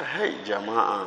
هاي جماعة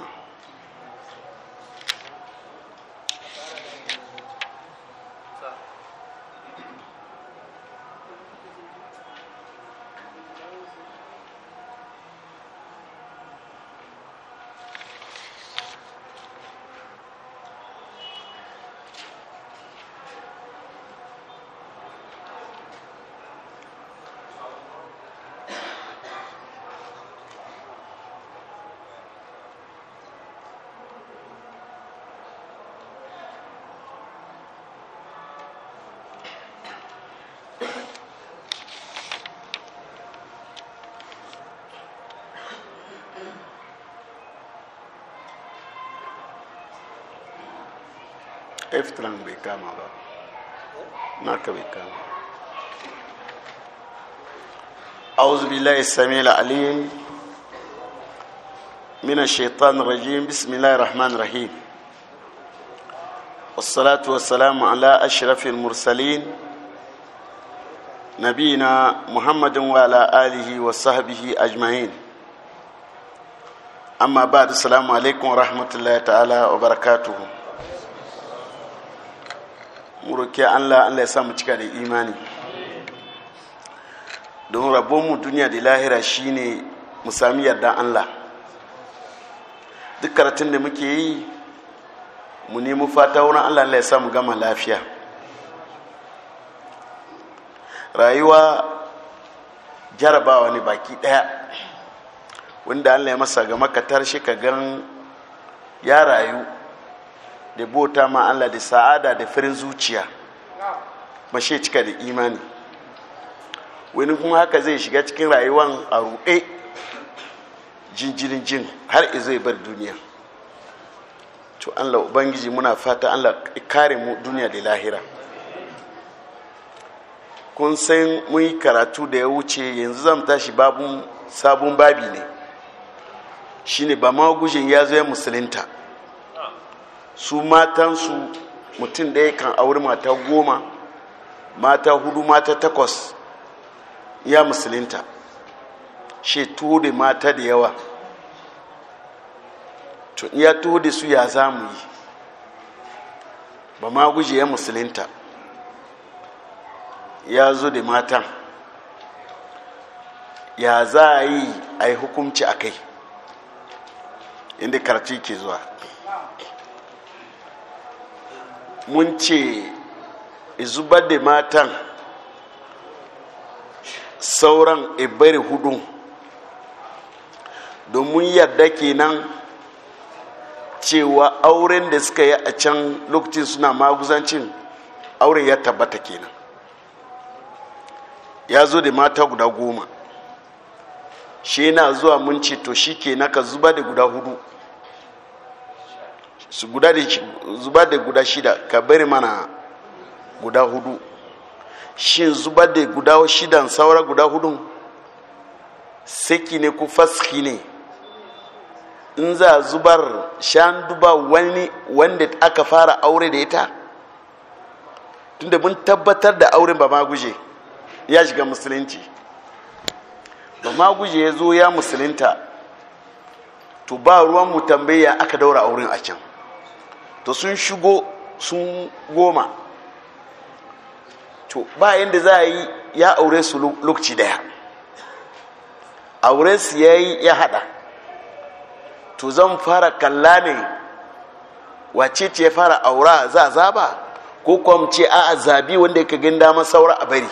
أعوذ بالله السميع العليم من الشيطان الرجيم بسم الله الرحمن الرحيم والصلاة والسلام على أشرف المرسلين نبينا محمد وعلى آله وصحبه أجمعين أما بعد السلام عليكم ورحمة الله تعالى وبركاته mu Allah Allah ya samu mu cika da imani don rabonmu duniya da lahira shine mu sami yarda Allah duk karatun da muke yi mu nemi fata wurin Allah Allah ya samu gama lafiya rayuwa jarabawa ne baki daya wanda Allah ya masa ga makatar shi ka gan ya rayu da bota ma Allah da sa'ada da farin zuciya ba shi cika da imani wani kuma haka zai shiga cikin rayuwan a ruɗe jinjirin jin har zai bar duniya to Allah ubangiji muna fata Allah kare mu duniya da lahira kun san mun yi karatu da ya wuce yanzu zan tashi babun sabon babi ne shine ba gujin ya zo ya musulunta su matansu mutum da kan auri mata goma mata hudu mata takwas ya musulinta she tode mata da yawa to ya tode su ya za mu yi ba ma guje ya musulinta ya zo da matan ya za a yi a yi hukunci a kai inda karci ke zuwa mun ce zubar da matan sauran ibari hudu domin yarda kenan cewa auren da suka yi a can lokacin suna maguzancin auren ya tabbata kenan ya zo da mata guda goma shi na zuwa mun ce to shi ke naka zuba da guda hudu su zubar da guda shida ka bari mana guda hudu shin zubar da guda shidan saura guda hudun saki ne ko faski ne in za a zubar shan duba wani wanda aka fara aure da ita tunda mun tabbatar da auren ba ma guje ya shiga musulunci ba ma guje ya zo ya musulunta to ba ruwan mu tambayya aka daura auren a can to sun shigo sun goma to ba yadda za a yi ya aure su lokaci daya aure su ya yi ya hada to zan fara kalla ne wace ce ya fara aura za a zaba ko kwamce a zabi wanda ya gan dama saura a bari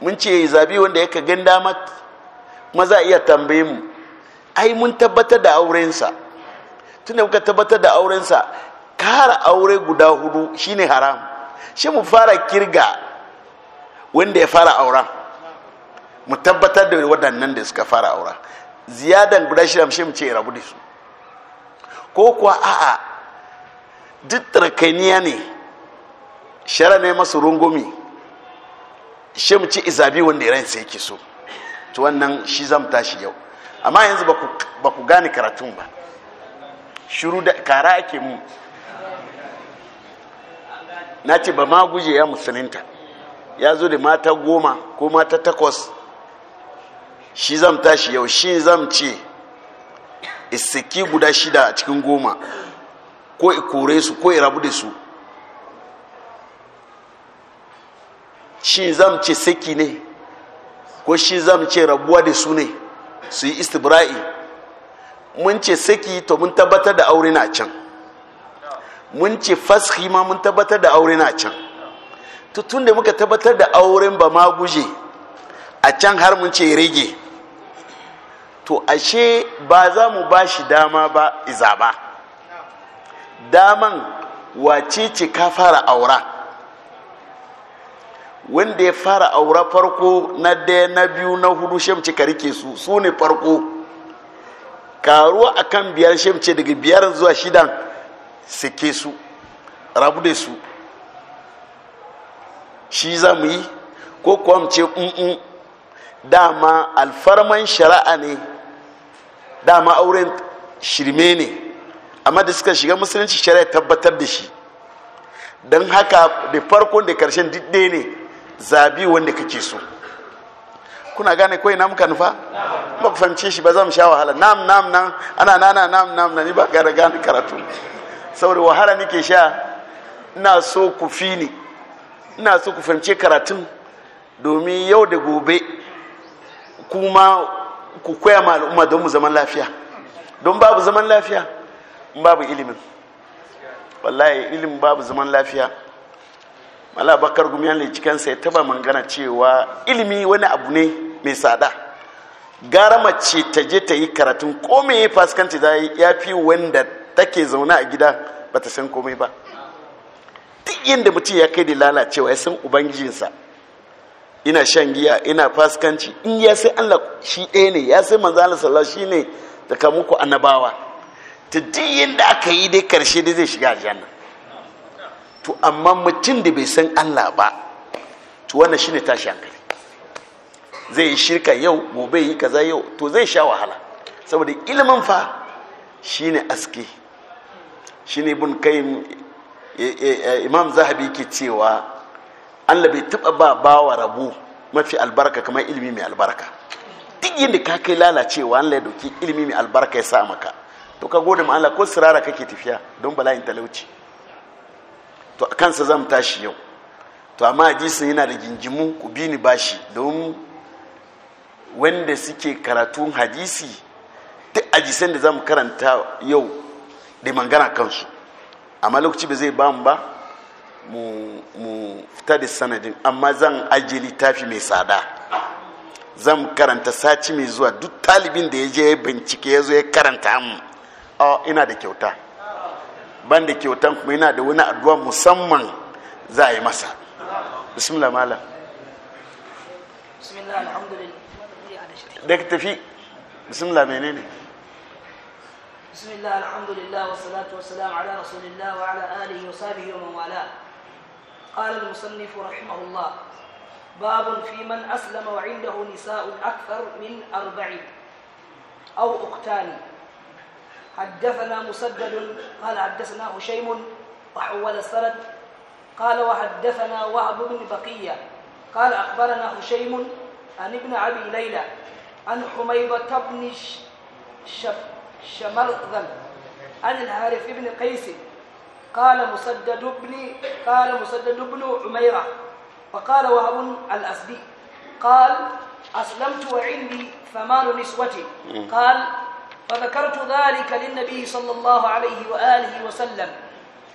mun ce zabi wanda ya gan dama maza iya tambayi mu ai mun tabbatar da aurensa tunda kuka tabbatar da aurensa kara aure guda hudu shine haram shi mu fara kirga wanda ya fara aura mu tabbatar da waɗannan da suka fara aura ziyadan guda shi shi mu ce rabu da su ko kuwa a'a duk tarkaniya ne shara ne masu rungumi shi mu ce izabi wanda ya sai ke so to wannan shi zamta tashi yau amma yanzu ba ku gane karatun ba shiru da kara ake mu na ce ba ma guje ya musulinta ya zo da mata goma ko mata takwas shi zam tashi yau shi zam ce isaki guda shida a cikin goma ko ikore su ko irabu da su shi zam ce saki ne ko shi zam ce rabuwa da su ne su yi istibra'i mun ce saki to mun tabbatar da aure na can mun ce fashi ma mun tabbatar da aure na can tutun da muka tabbatar da auren ba ma guje a can har mun ce rage to ashe ba za mu ba shi dama ba iza ba daman wace ce ka fara aura wanda ya fara aura farko na daya na biyu na hudu shamci ka rike su su ne farko karuwa a kan biyar shi ce daga biyar zuwa shidan sake su rabu da su shi za mu yi ko kuwa ce un'un dama alfarman shari'a ne dama auren shirme ne amma da suka shiga musulunci shari'a tabbatar da shi don haka da farkon da karshen duk ne zabi wanda kake so kuna gane ko ina muka nufa ba ku fahimce shi ba zan sha wahala nam nam nam ana nana nam nam na ni ba gara gane karatu saboda wahala nake sha ina so ku fi ni ina so ku fahimce karatun domin yau da gobe kuma ku koya ma al'umma don mu zaman lafiya don babu zaman lafiya babu ilimin wallahi ilimin babu zaman lafiya mala bakar gumiyan lincikansa ya taba mangana cewa ilimi wani abu ne mai tsada gara mace ta je ta yi karatun komai ya fasikanci da ya fi wanda take zaune a gida ba ta san komai ba duk yadda mutum ya kai da lalacewa ya san ubangijinsa ina shan giya ina fasikanci in ya sai allah shi ɗaya ne ya sai manzo allah sallallahu shi ne da kamuku annabawa ta duk yadda aka yi dai karshe dai zai shiga aljanna to amma mutum da bai san Allah ba to wannan shine tashi hankali zai yi shirka yau gobe yi kaza yau to zai sha wahala saboda ilimin fa shine aski shine ibn kayyim eh, eh, eh, imam zahabi ke cewa Allah bai taba ba bawa rabu mafi albarka kamar ilimi mai albarka duk yadda ka kai lalacewa Allah ya dauki ilimi mai albarka ya sa maka to ka gode ma Allah ko sirara kake tafiya don bala'in talauci to a kansa zan tashi yau to amma hadisin yana da gingimu ku bi ni bashi don wanda suke karatun hadisi duk hadisan da zamu karanta yau da mangana kansu amma lokaci ba zai ba mu ba mu fita da sanadin amma zan ajiye littafi mai tsada zan karanta saci mai zuwa duk talibin da ya je ya bincike ya zo ya karanta mu oh, ina da kyauta banda kyautan kuma yana da wani addu'a musamman za a yi masa bismillah malam bismillah alhamdulillah da ka tafi bismillah menene bismillah alhamdulillah wa salatu wa salam ala rasulillah wa ala alihi wa wa حدثنا مسدد قال حدثنا هشيم وحول السند قال وحدثنا وهب بن بقية قال أخبرنا هشيم عن ابن أبي ليلى عن حميبة بن شمرذم عن الحارث بن قيس قال مسدد بن قال مسدد بن عميرة وقال وهب الأسدي قال أسلمت وعندي ثمان نسوة قال فذكرت ذلك للنبي صلى الله عليه وآله وسلم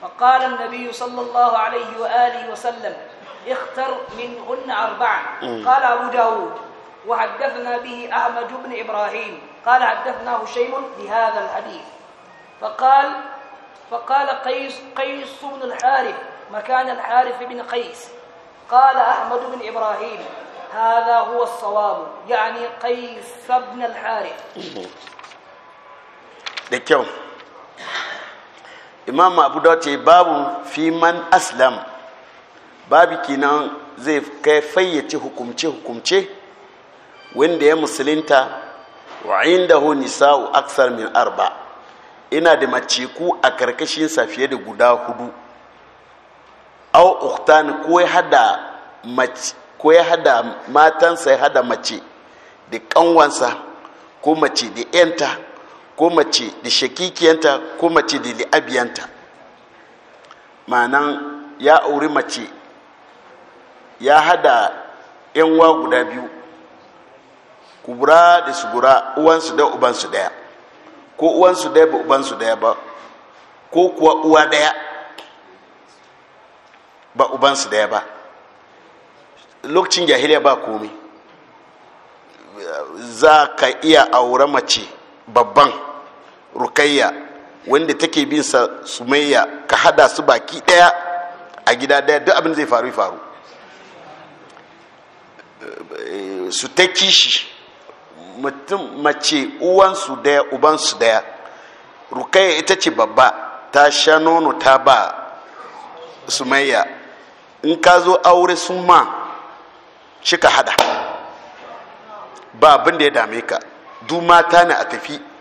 فقال النبي صلى الله عليه وآله وسلم اختر منهن أربع قال أبو داود وحدثنا به أحمد بن إبراهيم قال حدثنا هشيم بهذا الحديث فقال فقال قيس قيس بن الحارث مكان الحارث بن قيس قال أحمد بن إبراهيم هذا هو الصواب يعني قيس بن الحارث da kyau imam abu ce babu fi aslam babu kinan zai kai fayyace hukumce-hukumce wanda ya musulinta wa inda nisa'u aksar min arba ina da mace ku a karkashinsa fiye da guda hudu au uktan ko ya hada matansa ya hada mace da kanwansa ko mace da 'yanta ko mace da shakikiyanta ko mace da li'abiyanta ma'anan ya auri mace ya hada yanwa guda biyu kubura da sugura uwansu da ubansu daya ko uwansu daya ba ubansu daya ba ko kuwa uwa daya ba ubansu daya ba lokacin jahiliya ba komi za ka iya aure mace babban rukayya wanda take bin sa sumayya ka hada su baki daya a gida daya duk abin zai faru faru su ta kishi mutum mace uwansu daya ubansu daya rukayya ita ce babba ta sha nono ta ba sumayya in ka zo aure sun ma shi ka hada ba abin da ya dame ka du mata ne a tafi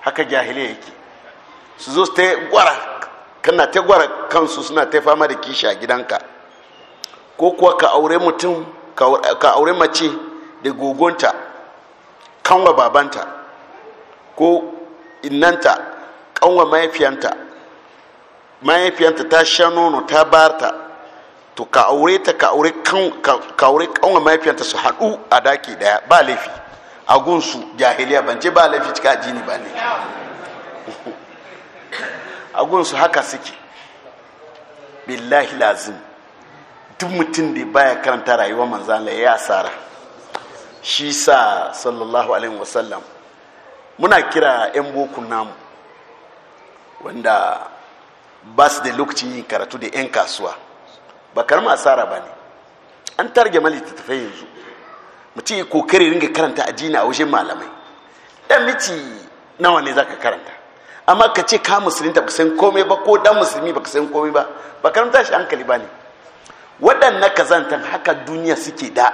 haka jahiliya yake su zo ta gwara kana ta gwara kansu suna ta fama da kishi a gidanka ko kuwa ka aure mutum ka aure mace da gogonta kanwa babanta ko innanta kanwa mahaifiyanta mahaifiyanta ta sha nono ta barta to ka aure ta ka aure kanwa mahaifiyanta su haɗu a daki daya ba laifi a gunsu jahiliya ban ce ba laifi cika jini ba ne a gunsu haka suke billahi lazim duk mutum da baya karanta rayuwar manzana ya asara shi sa sallallahu alaihi wasallam muna kira 'yan boku namu wanda ba su da lokacin yin karatu da 'yan kasuwa ba ma asara ba ne an targe mali tattafai yanzu mutum ya kokari ringa karanta addini a wajen malamai dan miti nawa ne zaka karanta amma ka ce ka musulunta ta san komai ba ko dan musulmi ba san komai ba ba karanta shi hankali ba ne waɗannan kazantan haka duniya suke da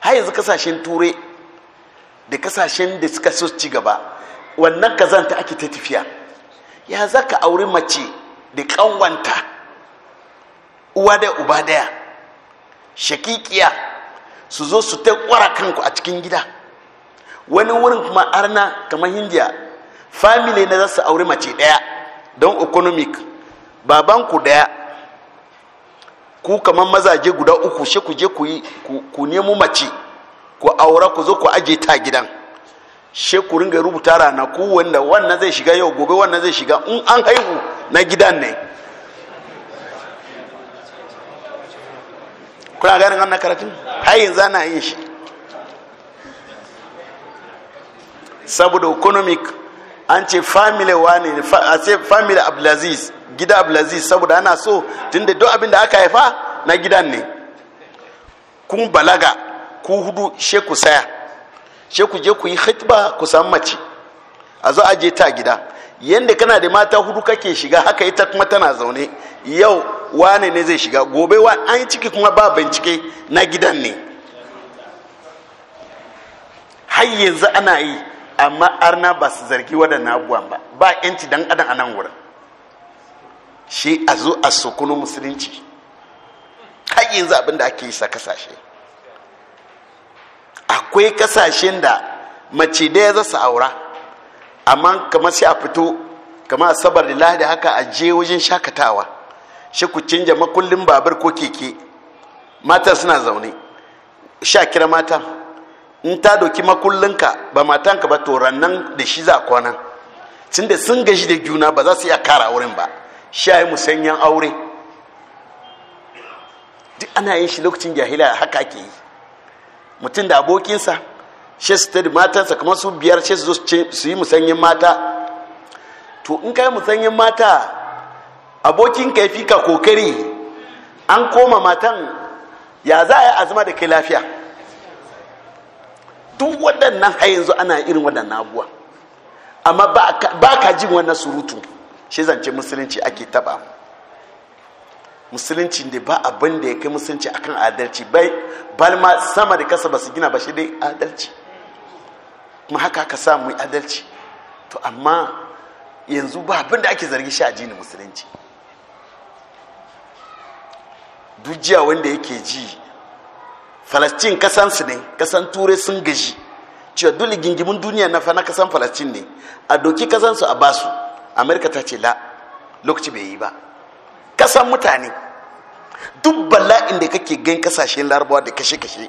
har yanzu kasashen turai da kasashen da suka so ci gaba wannan kazanta ake ta tafiya ya za ka auri mace da kanwanta uwa da uba daya shakikiya su zo su ta kwara kanku a cikin gida wani wurin kuma arna kamar hindiya family na za su aure mace daya don economic babanku daya ku kamar mazaje guda uku shi ku je ku nemo mace ku aura ku zo ku aje ta gidan shi ku ringa rubuta rana ku wanda wannan zai shiga yau gobe wannan zai shiga in an haihu na gidan ne kuna ganin wannan karatun har yanzu ana yin shi saboda economic an ce family wane a ce family abdulaziz gida abdulaziz saboda ana so tunda duk abin da aka haifa na gidan ne kun balaga ku hudu sheku saya sheku je ku yi hitba ku san mace a zo aje ta gida yadda kana da mata hudu kake shiga haka ita kuma tana zaune yau wane ne zai shiga gobe wa an ciki kuma ba bincike na gidan ne har yanzu ana yi amma arna ba su zargi waɗannan abubuwan ba ba yanci dan adam a nan wurin shi a zo a sokuno musulunci har yanzu abin da ake yi sa kasashe akwai kasashen da mace da ya zasa aura amma kamar sai a fito kamar a sabar da lahadi haka a je wajen shakatawa shi ku canja makullin babur ko keke matan suna zaune sha kira mata in ta doki makullinka ba matanka ba to rannan da shi za kwana tun da sun gashi da juna ba za su iya kara wurin ba sha yi musanyen aure duk ana yin shi lokacin jahila haka ke yi mutum da abokinsa shi su matansa kamar su biyar shi su su yi musanyen mata to in kai yi musanyen mata abokin ka fi ka kokari an koma matan ya za a yi azuma da kai lafiya duk waɗannan a yanzu ana irin waɗannan abuwa amma ba ka jin wannan surutu shi zance musulunci ake taba musulunci da ba abin da ya kai musulunci akan adalci bai balma sama da kasa ba su gina ba shi dai adalci kuma haka ka sa mu adalci to amma yanzu ba abin da ake zargi shi a jini musulunci dujiya wanda yake ji falastin kasansu ne kasan turai sun gaji cewa dole gingimin duniya na fa kasan falastin ne a doki kasansu a basu amerika ta ce la lokaci bai yi ba kasan mutane duk bala'in da kake gan kasashen larabawa da kashe-kashe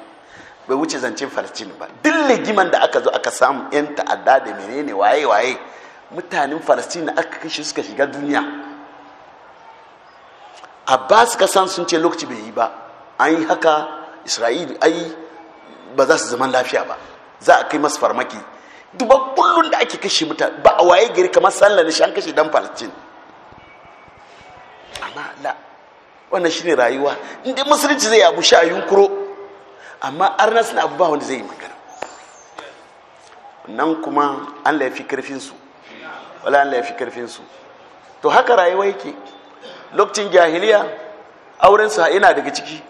bai wuce zancen falastin ba duk legiman da aka zo aka samu yan ta'adda da menene waye waye mutanen falastin aka kashe suka shiga duniya abbas kasan sun ce lokaci bai yi ba an yi haka isra'il ai ba za su zaman lafiya ba za a kai masu farmaki duba kullum da ake kashe mutan ba a waye gari kamar sallah shi shan kashe dan falastin amma la wannan shine rayuwa inda musulunci zai abu sha yunkuro amma arnas na abu ba wanda zai yi magana nan kuma an laifi karfinsu wala an laifi karfinsu to haka rayuwa yake lokacin jahiliya aurensa yana daga ciki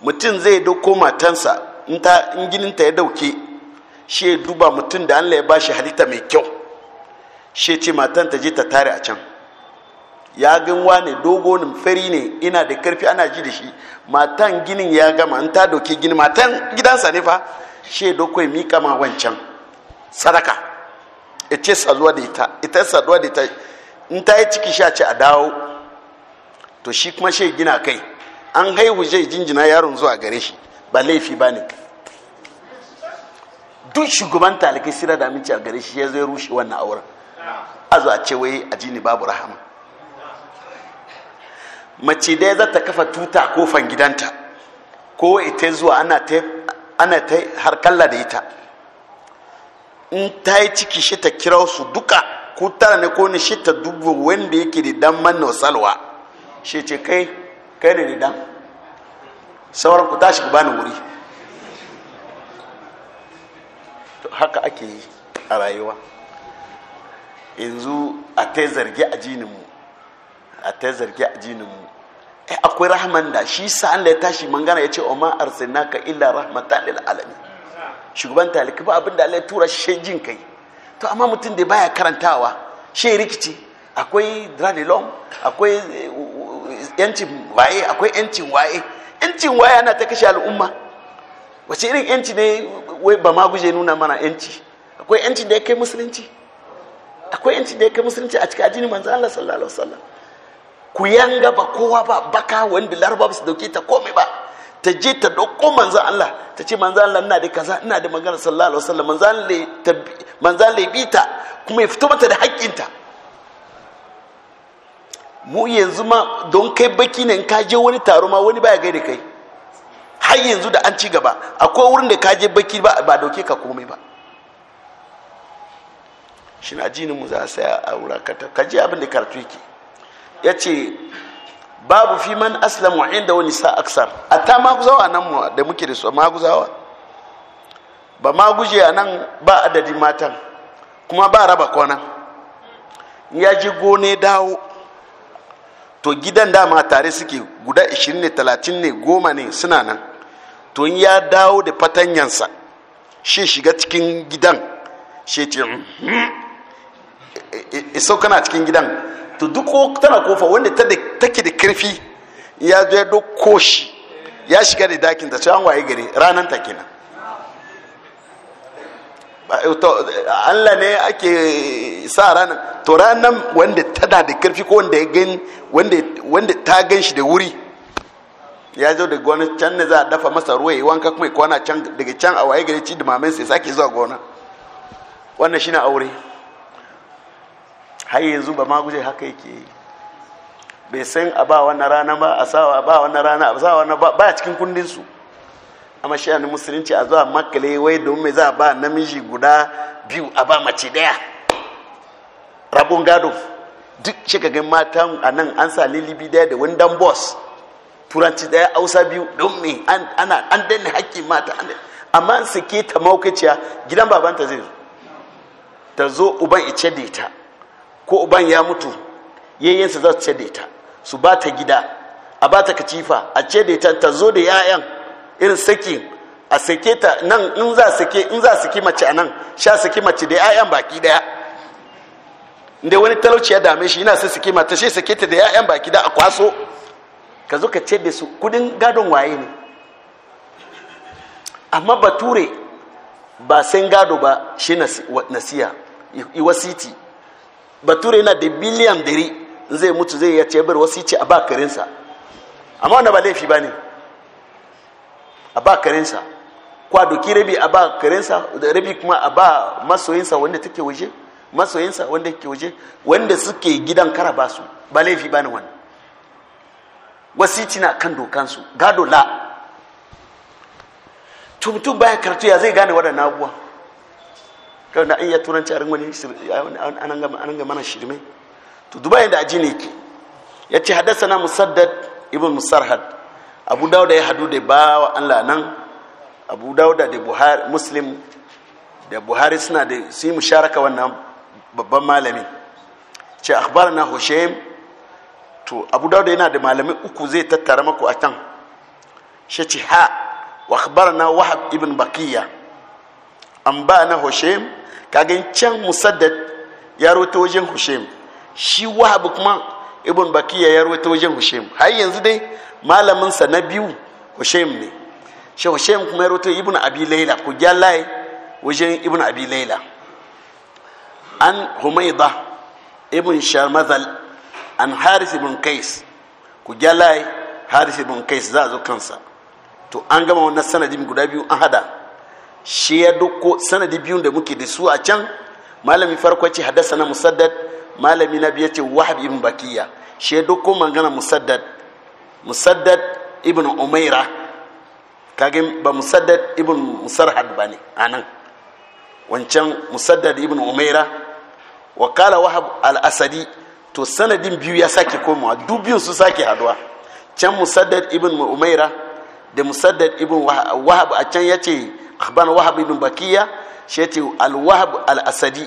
mutum zai dauko matansa in gininta ya dauke shi duba mutum da an ya bashi halitta mai kyau shi ce matan ta je ta tare a can ya gan ne dogo ne fari ne ina da karfi ana ji da shi matan ginin ya gama an ta doki gini matan gidansa ne fa she dokoi mika ma wancan sadaka ita saduwa da ita ita saduwa da ita in ta yi ciki sha ce a dawo to shi kuma she gina kai an haihu zai jinjina yaron zuwa gare shi ba laifi ba ne duk shugaban talikai sira da aminci a gare shi ya zai rushe wannan auren a zo a ce wai a jini babu rahama mace dai za ta kafa tuta ko kofan gidanta ko ita zuwa ana ta har kalla da ita in ta yi ciki shi ta kira su duka ko tara ne ko ne shi ta dubu wanda yake da dan manna salwa shi ce kai kai ne da dan sauran ku tashi ku bani wuri to haka ake yi a rayuwa yanzu a ta zargi a mu a ta zargi a mu ai eh, akwai rahman da shi sa Allah ya tashi mangana ya ce o ma arsalnaka illa rahmatan lil alamin shugaban taliki ba abin da Allah ya tura shi jin kai to amma mutum da baya karantawa shi rikici akwai dranilom akwai eh, yancin waye akwai yancin waye yancin waye ana ta kashe al'umma wace irin yanci ne wai ba ma guje nuna mana yanci akwai yancin da ya kai musulunci akwai yancin da ya kai musulunci a cikin addinin manzo Allah sallallahu alaihi wasallam ku yanga ba kowa ba baka wanda laraba ba su dauke ta komai ba ta je ta dauko manzan Allah ta ce manzan Allah ina da kaza ina da magana sallallahu alaihi wasallam manzan Allah manzan Allah ta kuma ya fito mata da haƙƙinta mu yanzu ma don kai baki ne in ka je wani taro ma wani baya gaida kai har yanzu da an ci gaba akwai wurin da ka je baki ba ba dauke ka komai ba shin ajinin mu za a saya a wurakata ka je abin da karatu yake ya ce babu fi man aslamu inda wani sa aksar a ta maguzawa nan mu da muke da su maguzawa ba maguje a nan ba adadin matan kuma ba raba kwana ya ji gone dawo to gidan dama tare suke guda 20 ne 30 ne goma ne suna nan to ya dawo da fatanyansa shi shiga cikin gidan shi ce iso kana cikin gidan to duk tana kofa wanda take da karfi ya zo ya doko shi ya shiga da dakin ta an waye gari ranan ta kenan eh, eh, Allah ne ake sa ranan to ranar wanda tana da karfi ko wanda ya gani wanda ta gan shi da wuri ya zo da gona can ne za a dafa masa ruwa ya wanka kuma ya kwana can daga can a waye gari ci da mamansa ya sake zuwa gona wannan shine aure har yanzu ba ma guje haka yake yi bai san a ba wannan rana ba a sawa ba wannan rana a sawa wannan ba cikin kundin su amma shi musulunci a zuwa makale wai don mai za a ba namiji guda biyu a ba mace daya rabon gado duk shigagin mata a nan an sa lilibi daya da wani dan turanci daya hausa biyu don an danne hakkin mata amma an ke ta maukaciya gidan babanta zai ta zo uban ice da ita ko uban ya mutu yayyansa za su ce da ita su ba ta gida a ba ta kacifa a ce da ita ta zo da 'ya'yan irin sakin a sake ta nan in za sake in za saki mace a nan sha saki mace da 'ya'yan baki daya inda wani talauci ya dame shi yana sai saki mata shi sake ta da 'ya'yan baki da a kwaso ka zo ka ce da su kudin gadon waye ne amma bature ba san gado ba shi nasiya iwasiti bature yana da biliyan dari zai mutu zai ya cebar wasu ce a ba amma wanda ba laifi ba ne a ba kwadoki kwa doki rabi a ba da rabi kuma a ba masoyinsa wanda take waje masoyinsa wanda take waje wanda suke gidan kara ba su ba laifi ba ne wani ci na kan dokansu gado la tumtum baya karatu ya zai gane waɗannan abubuwa kawai na iya turanci a ringwani an ga mana shirme to duba da ajini ne ke ya ce haddasa na musaddad ibn musarhad abu dauda ya hadu da ba wa allah nan abu dauda da buhari muslim da buhari suna da su yi musharaka wannan babban malami ce akhbar na hushaim to abu dauda yana da malami uku zai tattara maku a can shi ce ha wa akhbar na wahab ibn bakiya an ba na hushaim kagin can musaddad ya rawaito wajen hushim shi wahab kuma ibn bakiya ya rawaito wajen hushim har yanzu dai malamin sa na biyu hushim ne shi hushim kuma ya rawaito ibn abi laila ku gyallaye wajen ibn abi laila an humaida ibn sharmazal an haris ibn kais ku gyallaye haris ibn kais za a zo kansa to an gama wannan sanadin guda biyu an hada shi ya dukko sanadi biyun da muke da su a can malami farko ce haddasa na musaddad malami na biya ce wahab ibn bakiya shi ya dukko magana musaddad musaddad ibn umaira kagin ba musaddad ibn musarhad ba ne a nan wancan musaddad ibn umaira wa kala wahab al-asadi to sanadin biyu ya sake komawa duk biyun su sake haduwa can musaddad ibn umaira da musaddad ibn wahab a can ya ce akhbarana wahab ibn bakiya shati al-wahab al-asadi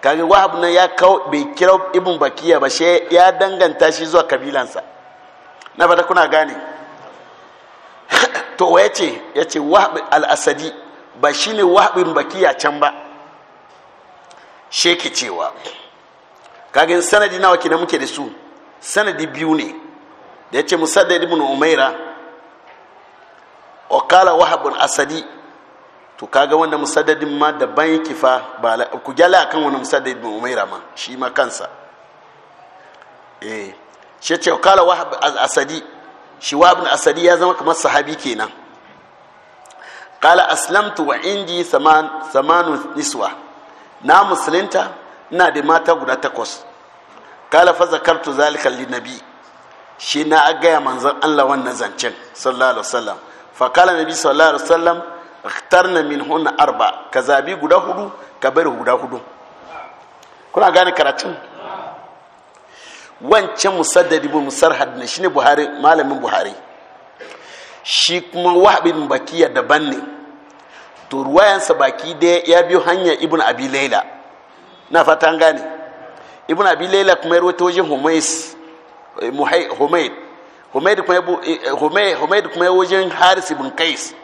kage wahab nan ya kawo bai kira ibn bakiya ba she ya danganta shi zuwa kabilansa na fata kuna gane to ya ce ya ce wahab al-asadi ba shine wahab ibn bakiya can ba ke cewa kage sanadi nawa kina muke da su sanadi biyu ne da ya ce musaddad ibn umaira وقال وهب wahab asadi to kaga wanda musaddadin ma ban yake fa ba ku gyala akan wani musaddadin umaira ma shi ma kansa eh shi ce kala wahab asadi shi ibn asadi ya zama kamar sahabi kenan kala aslamtu wa indi samanu niswa na musulunta ina da mata guda takwas kala fa zakartu zalika linabi shi na gaya manzon Allah wannan zancen sallallahu alaihi wasallam fa kala nabi sallallahu alaihi wasallam ikhtarna min hunna arba ka zabi guda hudu ka bari guda hudu kuna gane karatun wancan musaddadi bu musarhad ne shine buhari malamin buhari shi kuma wahabin bakiya daban ne to ruwayansa baki daya ya biyo hanya ibn abi laila na fata an gane ibn abi laila kuma ya rawaito wajen humais humaid humaid kuma ya wajen haris ibn kais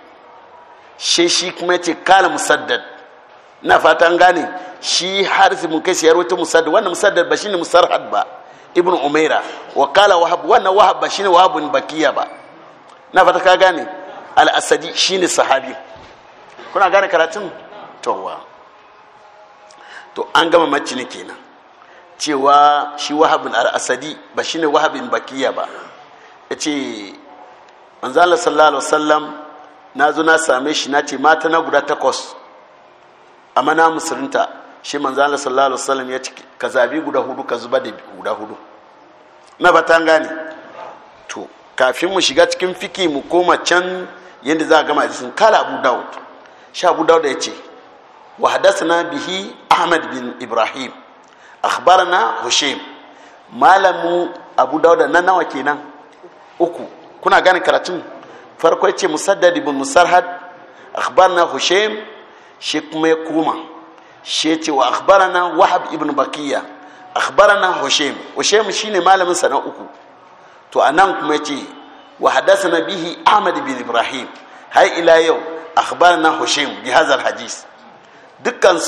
she shi kuma ya ce kala musaddad na fatan gane shi harfi mun muka siyar wata musaddad wannan musaddad ba shine musarhad ba ibn umaira wa kala wahab wannan wahab ba shine wahabun bakiya ba na fata ka gane al-asadi shine sahabi kuna gane karatun towa to an gama macini kenan cewa shi wahabun al-asadi ba shine wahabun bakiya ba ya ce manzala sallallahu alaihi wasallam na zo na same shi na ce mata na guda takwas amma na musulunta shi manzo Allah sallallahu alaihi wasallam ya ce ka zabi guda hudu ka zuba da guda hudu na ta gane to kafin mu shiga cikin fiki mu koma can yadda za a gama sun kala abu Dawud shi abu Dawud ya ce wa na bihi ahmad bin ibrahim akhbarana hushim malamu abu Dawud na nawa kenan uku kuna gane karatun farko ce musaddad ibn musarhad na hushaim shi kuma ya koma shi ce wa akhbarana wahab ibn bakiya akhbarana hushaim hushaim shine malamin sana uku to anan kuma ya ce wa na bihi ahmad bin ibrahim har ila yau akhbarana hushaim bi hadha hadis dukkan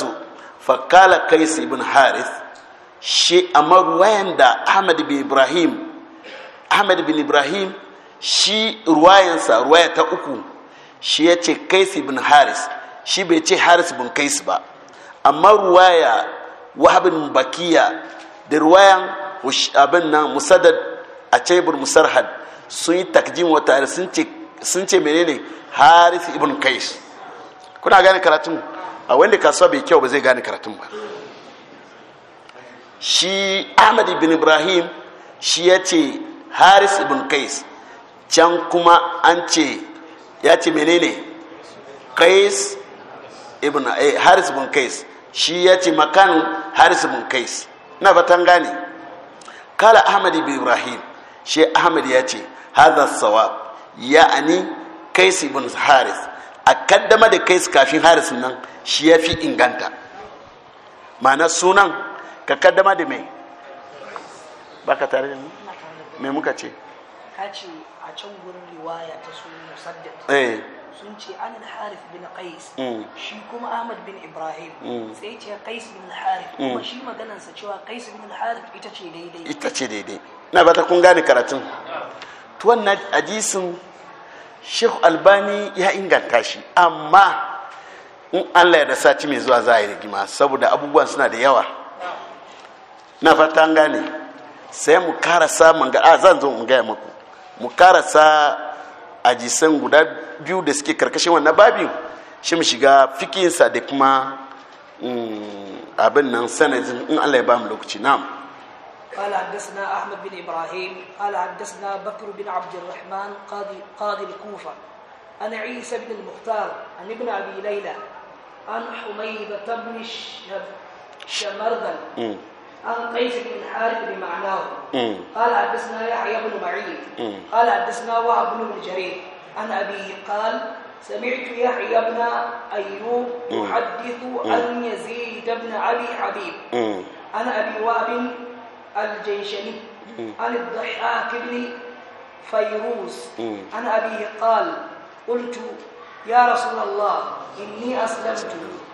fakala kais ibn harith shi amar wayanda ahmad bin ibrahim ahmad bin ibrahim shi ruwayansa ruwaya ta uku shi ya ce kais ibn haris shi bai ce haris bin kais ba amma ruwaya wahabin bakiya da ruwayan abin nan musaddad a cebur musarhad sun yi takjim wata sun ce menene haris ibn kais kuna gane karatun a wanda kasuwa bai kyau ba zai gane karatun ba shi ahmad ibn ibrahim shi ya ce haris ibn kais can kuma an ce ya ce menene kais ibn eh, haris bin kais shi ya ce makan haris bin kais na fatan gane kala ahmad ibn ibrahim shi ahmad ya ce hadha sawab ya'ani kais ibn haris a kaddama da kais kafin haris nan shi ya fi inganta ma'ana sunan ka kaddama da mai baka tare da mu me muka ce can gurin riwaya ta su musaddad eh. sun ce an harif bin qais mm. shi kuma ahmad bin ibrahim mm. sai ce qais bin harif kuma mm. shi maganarsa cewa qais bin harif ita ce daidai ita ce daidai na ba ta kun gane karatun to wannan hadisin Sheikh Albani ya inganta shi amma in Allah ya da sati mai zuwa za a yi rigima saboda abubuwan suna da yawa na fata gane sai mu kara samun ga a zan zo in gaya muku mu karasa ajisan guda biyu da suke karkashin wannan babin shi mu shiga fikinsa da kuma mm, abin nan sanadin in Allah ya ba mu lokaci na'am قال حدثنا أحمد بن إبراهيم قال حدثنا بكر بن عبد الرحمن قاضي, قاضي الكوفة عن عيسى بن المختار عن ابن ليلى عن بن شمردل عن قيس بن الحارث بمعناه قال حدثنا يحيى بن معين قال حدثنا وهب بن جرير عن ابيه قال سمعت يحيى بن ايوب يحدث عن يزيد بن ابي حبيب عن ابي وهب الجيشني عن الضحاك بن فيروز عن ابيه قال قلت يا رسول الله اني اسلمت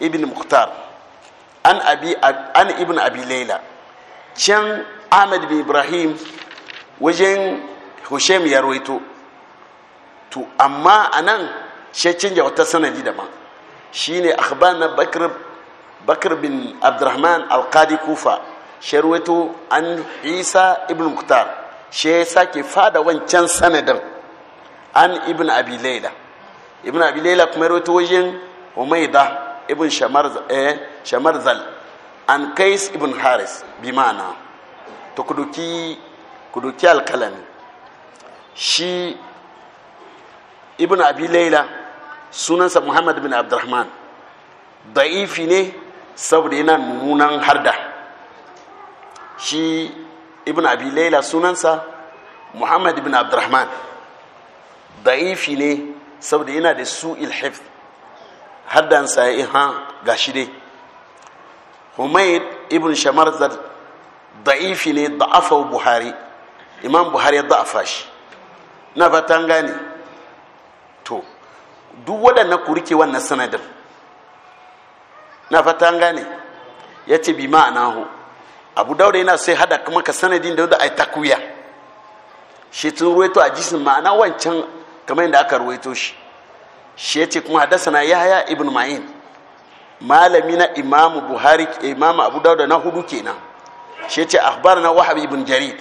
ibn mukhtar an abi an ibn abi can ahmad bin ibrahim wajen hushem ya rawaito to amma anan shi canja wata sanadi daban shine akhbarna bakr bakr bin abdurrahman alqadi kufa shi an isa ibn mukhtar shi sake fada wancan sanadin an ibn abi laila ibn abi laila kuma rawaito wajen umaida ibn eh, shamarzal an kais ibn haris bi ma'ana to kuduki alkalami shi ibn abi laila sunansa muhammad bin abdurrahman da'ifi ne saboda yana nunan harda shi ibn abi laila sunansa muhammad bin abdurrahman da'ifi ne saboda yana da su ilhif haddan sai iha ga shi dai humaid ibn shamar da'ifi ne da'afa buhari imam buhari ya da'afa shi na fatan gane to duk waɗannan ku rike wannan sanadin na fatan gane ya ce bi hu abu daure yana sai hada kuma ka sanadin da da ai takuya shi tun ruwaito a jisin ma'ana wancan kamar yadda aka ruwaito shi shi ce kuma hadasana yahya ibn ma'in malami na imamu buhari imamu abu dauda na hudu kenan shi ce ahbar na wahab ibn jarid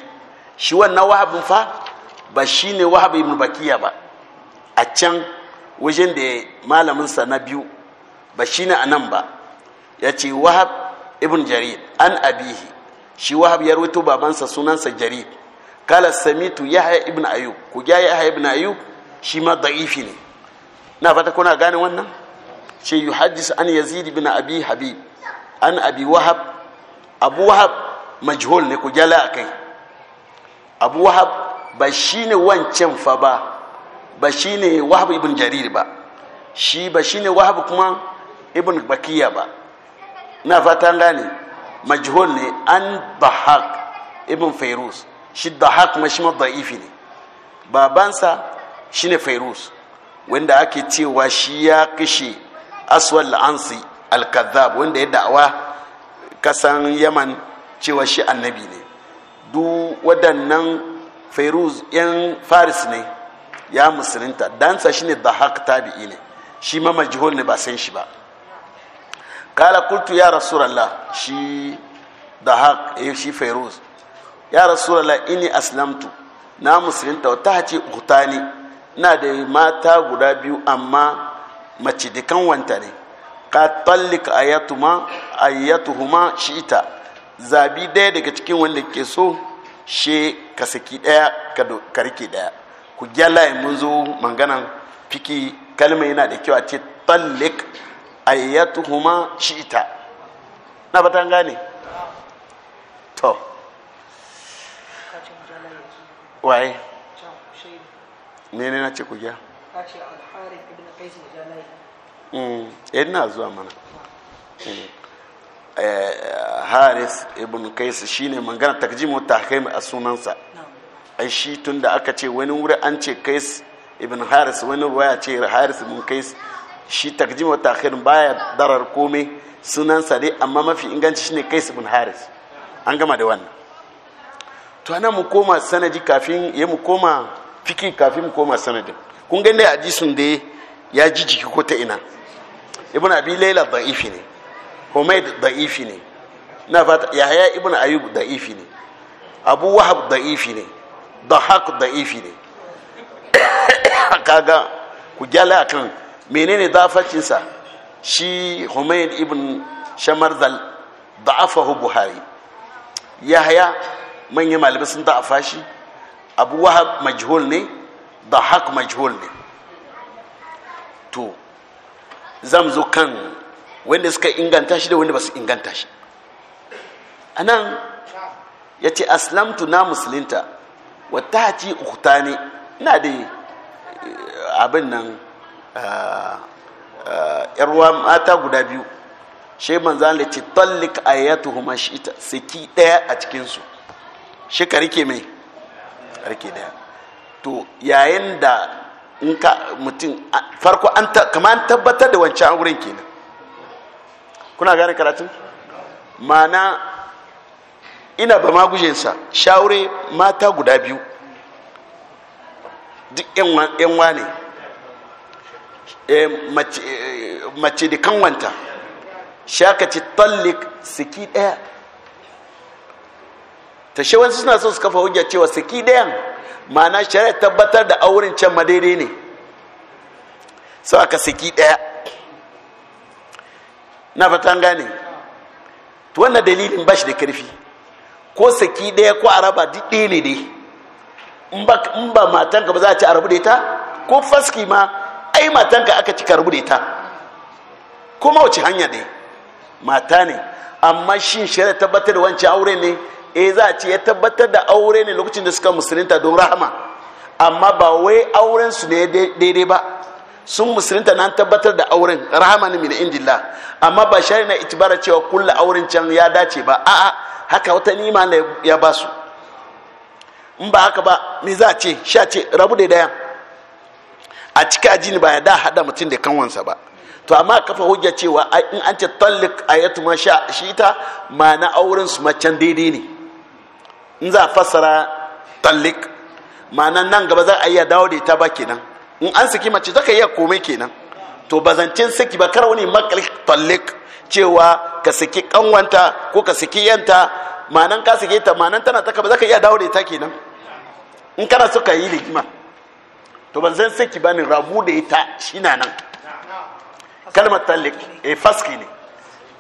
shi wannan wahab fa ba shi ne wahab ibn bakiya ba a can wajen da malamin sa na biyu ba shi ne a nan ba ya ce wahab ibn jarid an abihi shi wahab ya babansa sunansa jarid kala samitu yahya ibn Ayyub ku ga yahya ibn Ayyub shi ma da'ifi ne na fata kuna gane wannan ce yuhaddis an yazid bin abi habib an abi wahab abu wahab majhul ne ku jala a kai abu wahab ba shi ne wancan fa ba ba shi ne wahab ibn jarir ba shi ba shi ne wahab kuma ibn bakiya ba na fata gane majhul ne an bahak ibn fairuz shi dahak kuma shi ma da'ifi ne babansa shi ne fairuz wanda ake cewa shi ya kashe aswal ansi al wanda ya da'awa kasan yaman cewa shi annabi ne duk wadannan fairuz yan faris ne ya musulunta dansa shi ne dahak tabi'i ne shi ma majihul ne ba san shi ba kala kultu ya rasulallah shi dahak ya eh, shi fairuz ya rasulallah ini aslamtu na musulunta wata ce hutani. na da mata guda biyu amma mace da wanta ne ka tallika ayatuma ayatuhuma ita zabi daya daga cikin wanda ke so she ka saki daya ka karke daya ku gyala mun zo manganan fiki kalma yana da kyau a ce tallik ayatuhuma ita na n gane to ne ne na ce ku gya mm, eh, ina zuwa mana eh, eh, haris ibn kais shine magana takjimu tahkim a sunansa ai shi tun da aka ce wani wuri an ce kais ibn haris wani ruwaya ce haris ibn kais shi takjimu tahkim baya darar komai sunansa dai amma mafi inganci shine kais ibn haris an gama da wannan to ana mu koma sanadi kafin ya mu koma fiki kafin koma sanadin kun gani dai hadisin da ya ji jiki ko ta ina ibn abi laila da'ifi ne humaid da'ifi ne na fata yahya ibn ayyub da'ifi ne abu wahab da'ifi ne dahaq da'ifi ne kaga ku gyala akan menene sa shi humaid ibn shamarzal da'afahu buhari yahya manyan malibu sun da'afa shi abu wahab majhul ne dahak majhul ne to zam zo kan wanda suka inganta shi da wanda ba su inganta shi a nan ya ce aslamtu na musulinta wata ci ukuta ne ina da eh, abin nan ah, ah, yarwa mata guda biyu shi manzan da ce tallik shi ta, saki daya a cikinsu shi ka rike mai rike daya to yayin da in ka mutum farko an kama an tabbatar da wancan auren kenan kuna gane karatun mana ina ba magujensa shaure mata guda biyu duk yan wane eh, eh, mace da kanwanta shakaci ce tallik siki daya ta shewan suna so su kafa hujja cewa saki dayan ma'ana shari'a tabbatar da auren can ma daidai ne sau aka saki daya na fatan gane to wannan dalilin ba shi da karfi ko saki daya ko araba duk ɗaya ne dai in ba matanka ba za a ci a rabu da ita ko faski ma ai matanka aka ci karbu da ita kuma wace hanya ne mata ne amma shi shari'a tabbatar da wancan aure ne eh za a ce ya tabbatar da aure ne lokacin da suka musulunta don rahama amma ba wai auren su ne daidai ba sun musulunta nan tabbatar da auren rahama ne min indillah amma ba shari na itibara cewa kulla auren can ya dace ba a'a haka wata nima ya ba su in ba haka ba me za a ce sha ce rabu da daya a cika ajini ba ya da hada mutum da kanwansa ba to amma kafa hujja cewa in an ce tallik ayatu ma sha shi ta ma na auren su can daidai ne in za a fassara tallik ma'ana nan gaba za a iya dawo da ita ba kenan in an saki mace ta iya komai kenan to bazancin saki ba kar wani makalik tallik cewa ka saki kanwanta ko ka saki yanta ma'anan ka saki ta ma'anan tana ta ba za ka iya dawo da ita kenan in kana suka yi ligima to ban zan saki ba ne rabu da ita shi na nan kalmar tallik e eh, faski ne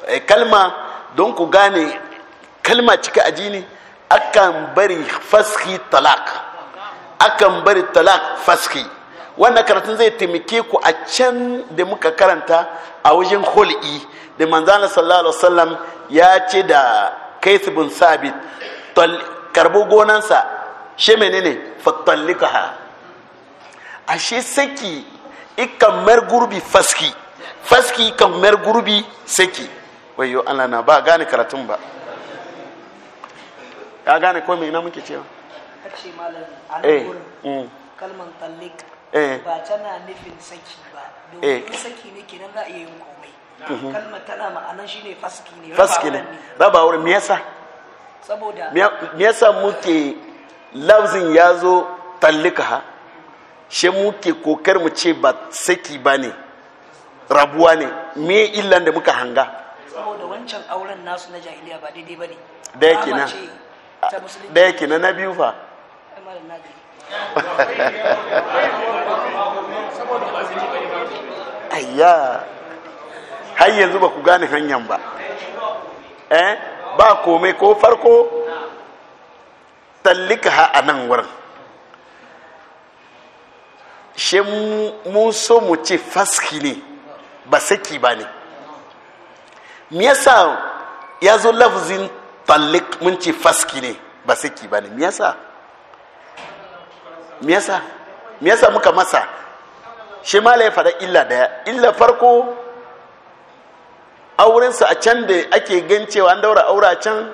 eh, kalma don ku gane kalma cika aji ne akan bari faski talak akan bari talak faski wannan karatun zai taimake ku a can da muka karanta a wajen hul'i da manzana sallallahu alaihi wasallam ya ce da kaisu bin sabit karbo gonansa shi menene fattallikaha a shi saki ikan mar gurbi faski faski ikan mar gurbi saki wayo ana na ba gane karatun ba ya gane ko mai na muke cewa kace malam a nan eh, mm. kalman tallik eh. ba tana nufin saki ba eh. domin saki ne kenan za a iya yin komai mm-hmm. kalmar tana ma'anan shine faski ne faski ne raba wurin me yasa saboda me yasa muke lafzin ya zo tallika ha she muke kokar mu ce ba saki ba ne rabuwa ne me illan da muka hanga saboda wancan auren nasu na jahiliya ba daidai ba ne da yake na ɗaya na biyu fa ayya har yanzu ba ku gane hanyar ba eh ba komai ko farko tallika ha a nan wurin she mu so mu ce faski ne ba saki ba ne me yasa ya zo lafzin tallik mun ce faski ne ba saki ba ne miyasa miyasa miyasa muka masa shi ma ya faɗa illa daya illa farko aurensa a can da ake gan cewa an daura aure a can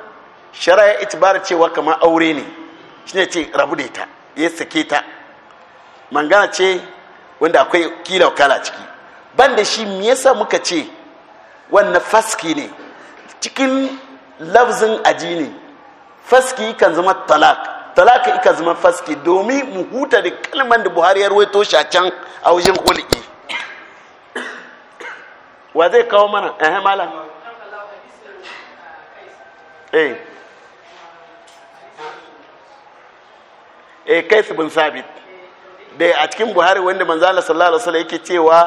shari'a itibar cewa kamar aure ne shi ne ce rabu da ita ya sake ta mangana ce wanda akwai kila kala ciki ban da shi me yasa muka ce wannan faski ne cikin lafzin aji ne faski kan zama talak talak ikan zama faski domin mu huta da kalman da buhari ya rawaito shi a can a wajen hulki wa zai kawo mana eh mala eh eh kais bin sabit da a cikin buhari wanda manzala sallallahu alaihi wasallam yake cewa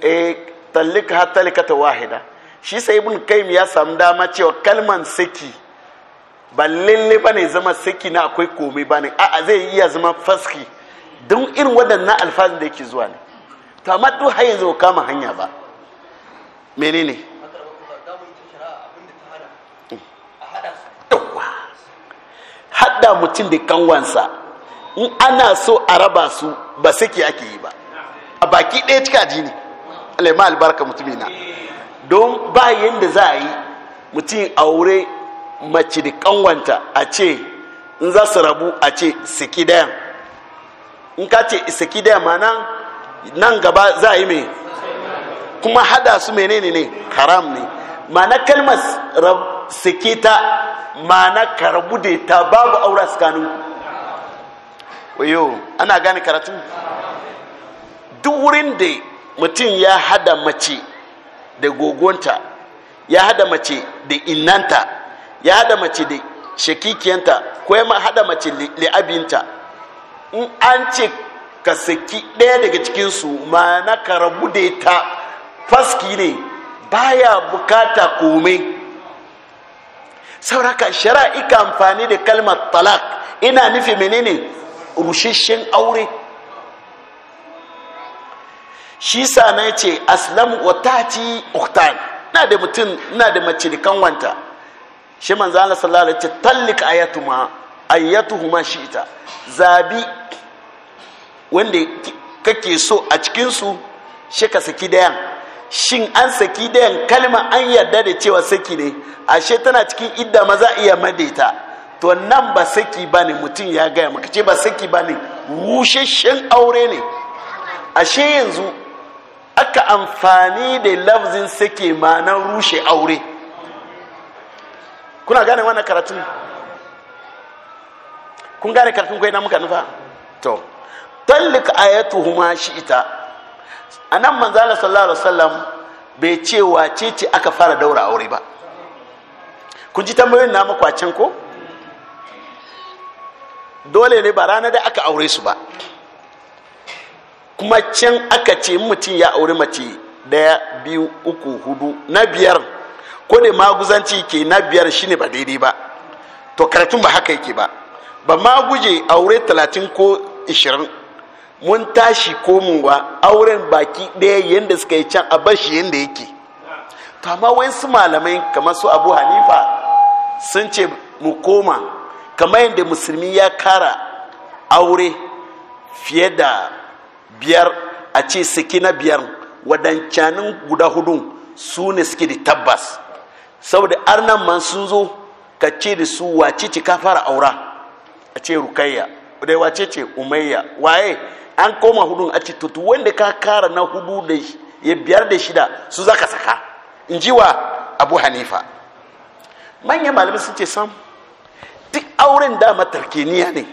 eh tallika hatta likata wahida shi sai ibn kaim ya samu dama cewa kalman saki ba lalle ba ne zama saki na akwai komai ba ne a'a zai iya zama faski don irin waɗannan alfazin da yake zuwa ne to amma duk har yanzu kama hanya ba menene hada mutum da kanwansa in ana so a raba su ba saki ake yi ba a baki ɗaya cika ji ne albarka mutumina don ba yadda za a yi mutum aure mace da kanwanta a ce in za su rabu a ce saki daya. in ka ce saki daya ma nan gaba za a yi mai kuma hada su menene ne haram ne ma'ana kalmar saki ta ma'ana ka da ta babu aure tsakanin wayo ana gane karatu duk wurin da mutum ya hada mace da gogonta ya hada mace da innanta ya hada mace da shakikiyanta ko ya hada mace li'abinta in an ce ka saki ɗaya daga cikinsu ma na karabu da ta faski ne baya bukata komai sauraka shara'ika amfani da kalmar talak ina nufi menene rushishin aure shi sa na ce aslam wa tati uktan na da mutum na da mace da kanwanta shi manzo Allah sallallahu alaihi wasallam tallik ayatuma ayatuhuma ita zabi wanda kake so a cikin shi ka saki dayan shin an saki dayan kalma an yarda da cewa saki ne ashe tana cikin idda ma maza iya madaita to nan ba saki ne mutum ya gaya maka ce ba saki bane rusheshen aure ne ashe yanzu aka amfani da lafzin sake ma'anar rushe aure kuna gane wannan karatun kun gane karatun kwaina muka nufa to tallika huma shi ita a nan manzala sallallahu alaihi wasallam bai ce wace ce aka fara daura aure ba kun ji tambayoyin na makwacin ko dole ne ba ranar da aka aure su ba kuma can aka ce mutum ya auri mace daya biyu uku hudu na biyar ko da maguzanci ke na biyar shine ba daidai ba to karatun ba haka yake ba ba ma guje aure talatin ko ishirin mun tashi komowa auren baki daya yadda suka yi can a bashi yadda yake to amma su malamai kamar su abu hanifa sun ce mu koma kamar yadda musulmi ya kara aure fiye da biyar a ce saki na biyar wadancanin guda hudu su ne suke da tabbas saboda arnan man sun zo ka ce da su wace ce ka fara aura a ce rukayya da wace ce umayya waye an koma hudu a ce tutu wanda ka kara na hudu da ya biyar da shida su za ka saka in ji wa abu hanifa manyan malamai sun ce sam duk auren dama tarkeniya ne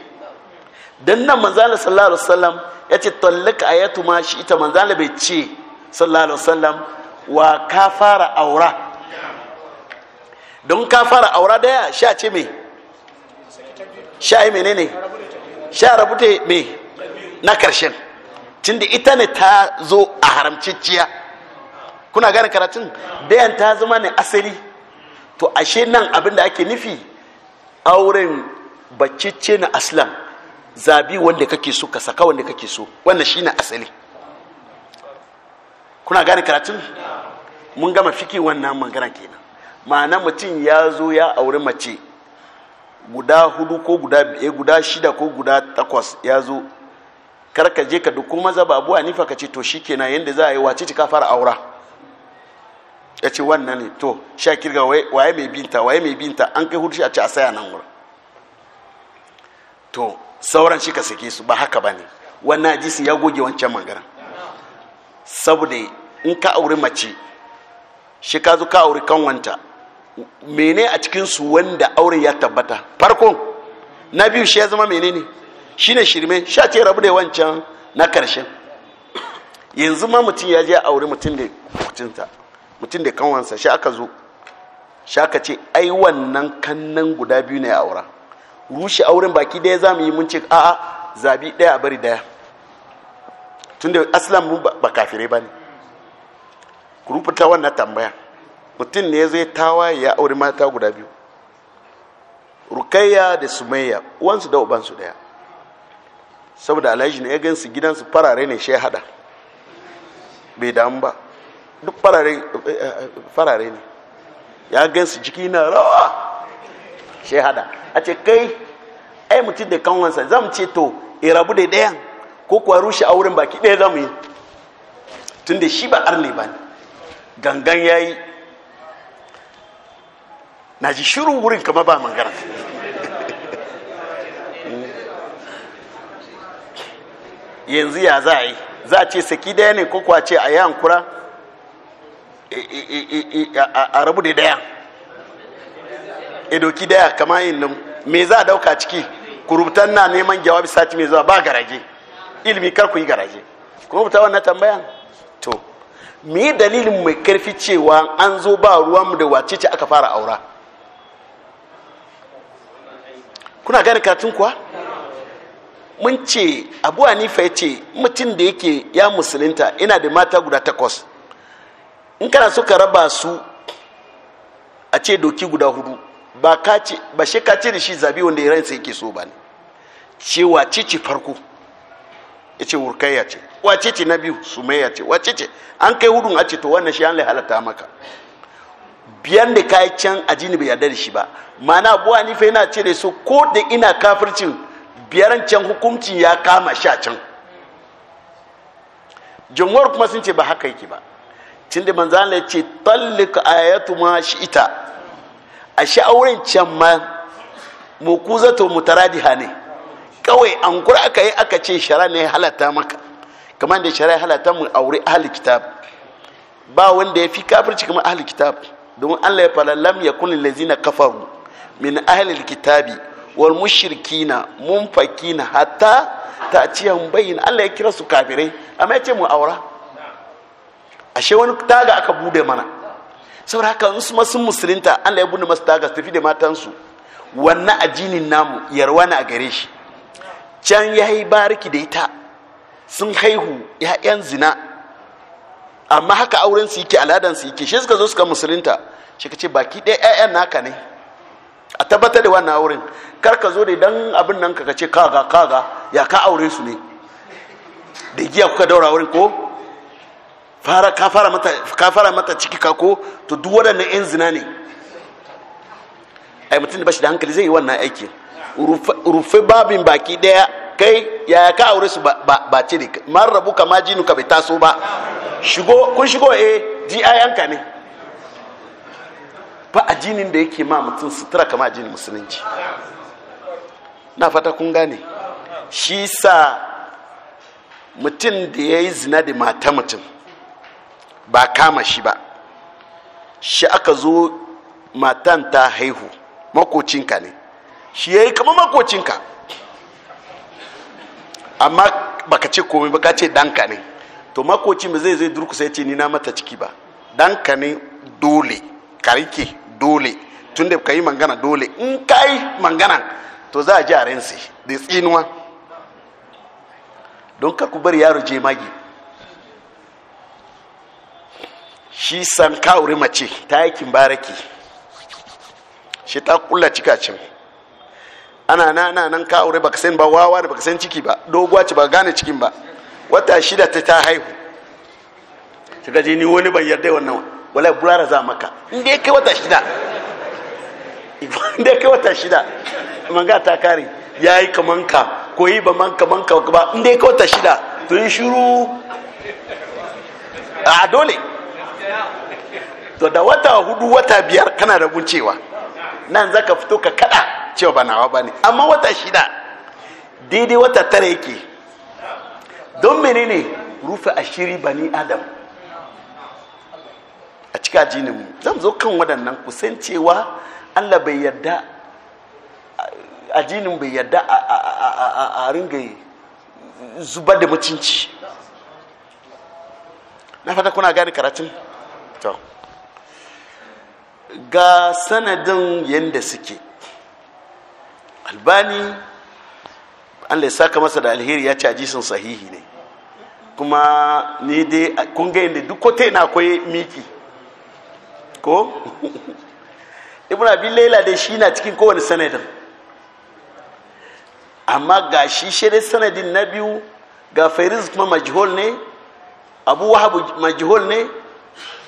don nan manzana sallallahu alaihi wasallam ya ce tallaka ayatu ma shi ita manzala bai ce sallallahu alaihi wasallam wa ka fara aura don ka fara aura daya sha ce me sha yi menene sha rabute me na karshen tunda ita ne ta zo a haramciciya kuna gane karatun dayan ta zama ne asali to ashe nan abin da ake nufi auren bacicce na aslam zabi wanda kake so ka saka wanda kake so wannan shine asali kuna gane karatun mun gama fiki wannan magana kenan ma'ana mutum ya zo ya auri mace guda hudu ko guda biye eh, guda shida ko guda takwas ya zo karka je ka duk maza ba abuwa nifa ka ce to shi kenan yadda za a yi wace ka fara aura ya ce wannan ne to sha kirga waye mai binta waye mai binta an kai hudu shi a ce a saya nan wurin to sauran shi ka sake su ba haka ba ne wannan hadisi ya goge wancan magana saboda in ka auri mace shi ka zo ka auri wanta mene a cikinsu wanda auren ya tabbata farko na biyu shi ya zama menene ne shirme sha ce rabu da wancan na karshen yanzu ma mutum ya je a aure mutum da mutunta mutum da kanwansa shi aka zo shi aka ce ai wannan kannan guda biyu ne a aura rushe auren baki daya za mu yi mun ce a'a zabi daya a bari daya da aslan mu ba kafirai ba ne ku rubuta wannan tambaya mutum ne ya zo ya tawaye ya auri mata guda biyu rukayya da sumayya uwansu da ubansu daya saboda alhaji ne ya gansu gidansu farare ne shi hada bai damu ba duk farare eh, eh, ne ya gansu jiki na rawa shi hada a ce kai ai mutum da kanwansa zan ce to ya rabu da ɗayan ko kuwa rushe auren baki ɗaya zamu yi tun da shi ba arne ba gangan ya yi na ji shirin wurin kama ba mangara yanzu ya za a yi za a ce saki ɗaya ne ko kuwa ce a yi hankura e, e, e, a rabu da ɗayan ya daya kama yin nan me za a dauka ciki kurubutan na neman jawabi sati mai zuwa ba garaje ilimi kar ku yi garaje ku rubuta wannan tambayan to me dalilin mai karfi cewa an zo ba mu da wace ce aka fara aura kuna gane katun kuwa mun ce abu anifa ya ce mutum da yake ya musulunta ina da mata guda takwas in kana so ka raba su a ce doki guda hudu ba shi ka ce da shi zabi wanda ya ransa yake so ba ne cewa cici farko ya ce wurkaiya ce wace ce na biyu ya ce wace ce an kai hudun a ce to wannan shi an halata maka biyan da yi can a jini bai yarda da shi ba mana abu hanifa yana ce da su ko da ina kafircin biyaran can hukunci ya kama a can jumhur kuma sun ce ba haka yake ba cin da manzana ya ce tallika ayatu ma shi ita a auren can ma mu k'u zato mu mutaradiha ne kawai an kura aka yi aka ce shara ne halatta maka kamar da shara halatta mu aure ahli kitab ba wanda ya fi kafirci kamar ahli kitab domin Allah ya fara lam yakun kafaru min ahli kitabi wal mushrikina munfakina hatta ta'tiyan bayyin Allah ya kira su kafirai amma ya ce mu aura ashe wani taga aka bude mana saboda haka in sun musulunta Allah ya bunne masu tagas tafi da matansu wannan ajinin namu yarwa na a gare shi can ya yi bariki da ita sun haihu ya'yan zina amma haka auren su yake aladan su yake shi suka zo suka musulunta shi ka ce baki ɗaya ya'yan naka ne a tabbatar da wannan auren kar ka zo da dan abin nan ka ce kaga kaga ya ka aure su ne da giya kuka daura wurin ko fara ka fara mata ciki ka ko to duk waɗannan 'yan zina ne ai mutum da bashi da hankali zai yi wannan aikin rufe babin baki daya kai yaya ka aure su ba ce ne mar rabu ka ma jinu ka bai taso ba shigo kun shigo eh ji ayanka ne ba a jinin da yake ma mutum sutura kama jinin musulunci na fata kun gane shi sa mutum da ya yi zina da mata mutum ba kama shi ba shi aka zo matan ta haihu makocinka ne shi ya yi kama makocinka amma baka ce komai baka ce danka ne to makocin ba zai zai durkusa ya ce ni na mata ciki ba danka ne dole karike dole tun da ka yi mangana dole in ka yi mangana to za a ji a rinsi da tsinuwa don ka ku bari yaro je magi shi san kawuri mace ta yakin baraki shi ta kulla cikacin ana nan nan kawuri baka san ba wawa ba baka san ciki ba doguwa ci ba gane cikin ba wata shida ta ta haihu ta je ni wani ban yarda wannan wala bulara za maka inda ya kai wata shida inda ya kai wata shida manga ta kare ya yi ka koyi ba man kaman ka ba inda ya kai wata shida to yi shiru a dole to da wata hudu wata biyar kana da cewa nan zaka fito ka kada cewa ba nawa bane amma wata shida daidai wata tara yake don menene rufe ashiri bani adam a cika jinin zan zo kan waɗannan kusan cewa allah bai yarda jinin bai yarda a ringa zubar da mutunci na fata kuna gane karatun to ga sanadin yadda suke albani an lai saka masa da alheri ya ci ajisun sahihi ne kuma ni dai kun ga yadda duk kote na akwai miki ko ibn abin laila dai shi na cikin kowane sanadin amma ga shi shirin sanadin na biyu ga fairis kuma majihol ne abu wahabu majihol ne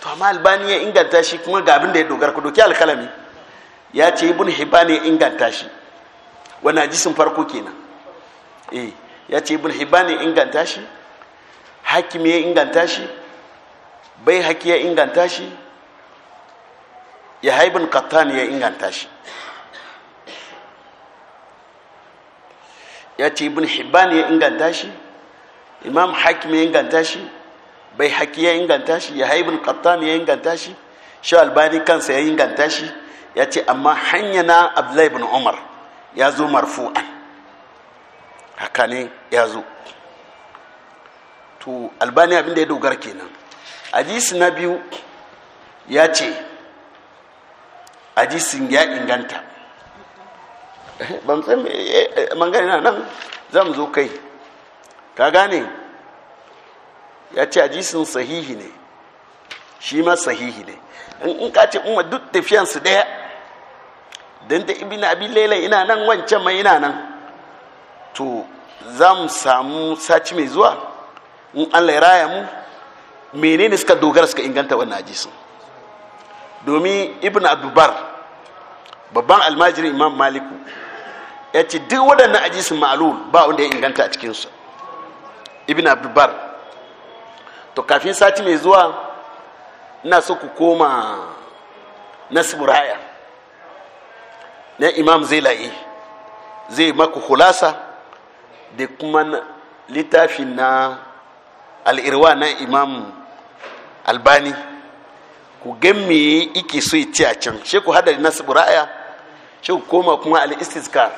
to amma albani ya inganta shi kuma ga abin da ya dogara ku doki alkalami ya ce ibn hibban ya inganta shi wannan hadisin farko kenan eh ya ce ibn hibban ya inganta shi hakim ya inganta shi bai haki ya inganta shi ya haibin kattan ya inganta shi ya ce ibn hibban ya inganta shi imam hakim ya inganta shi bai haƙi ya inganta shi ya haibin ƙattan ya inganta shi shi albani kansa ya inganta shi ya ce amma hanya na abdullahi bin umar ya zo marfu'an haka ne ya zo to albani abinda ya dogar kenan hadisi na biyu ya ce hadisin ya inganta eh, ban san eh, eh, mangana nan zan zo kai ka gane ya ce hadisin sahihi ne shi ma sahihi ne in ka ce umar duk tafiyansu daya don da na abi laila ina nan wancan mai ina nan to za mu samu saci mai zuwa in allah ya raya mu menene suka dogara suka inganta wannan hadisin domin ibn abubar babban almajirin imam maliku ya ce duk waɗannan hadisin ma'alul ba wanda ya inganta a cikinsu ibn abubar to kafin sati mai zuwa ina so ku koma nasibu raya na imam zai zai maku hulasa da kuma littafi na al'irwa na imam albani ku gan me ike so ci a can shi ku hada nasibu ra'aya shi ku koma kuma al'istiska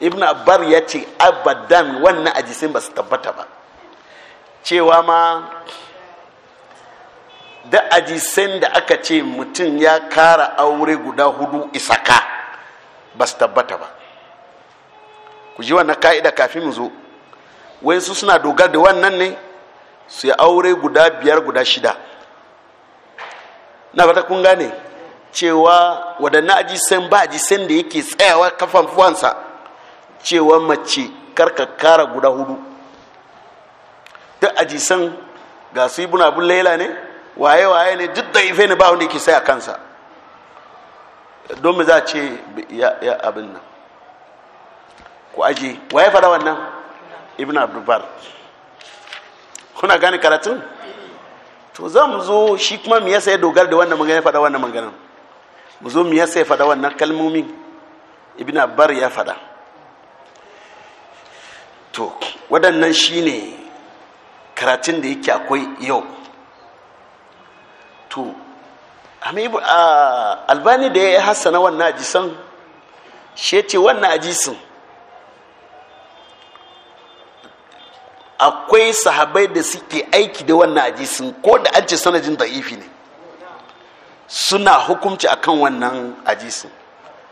ibn abbar ya ce abadan wannan ajisin ba su tabbata ba cewa ma da ajisan da aka ce mutum ya kara aure guda hudu isaka ba su tabbata ba ku ji wannan ka'ida kafin mu zo wayansu suna dogar da wannan ne su yi aure guda biyar guda shida na fata kun gane cewa waɗannan ajisan ba ajisan da yake tsayawa kafan cewa mace karka kara guda hudu duk ajisan ga su ibn abun laila ne waye waye ne duk da ife ne ba wanda yake sai a kansa don mu za a ce ya abin nan ku aji waye fara wannan ibn abdulbar kuna gane karatun to za mu zo shi kuma mu yasa ya dogar da wannan magana fada wannan magana mu zo mu yasa ya fada wannan kalmomin ibn abbar ya fada to waɗannan shine karatun da yake akwai yau to albani da ya yi hassana wannan ajisan shi ce wannan ajisin akwai sahabai da suke aiki da wannan ajisin ko da an ce sanadin da'ifi ne suna hukunci akan wannan ajisin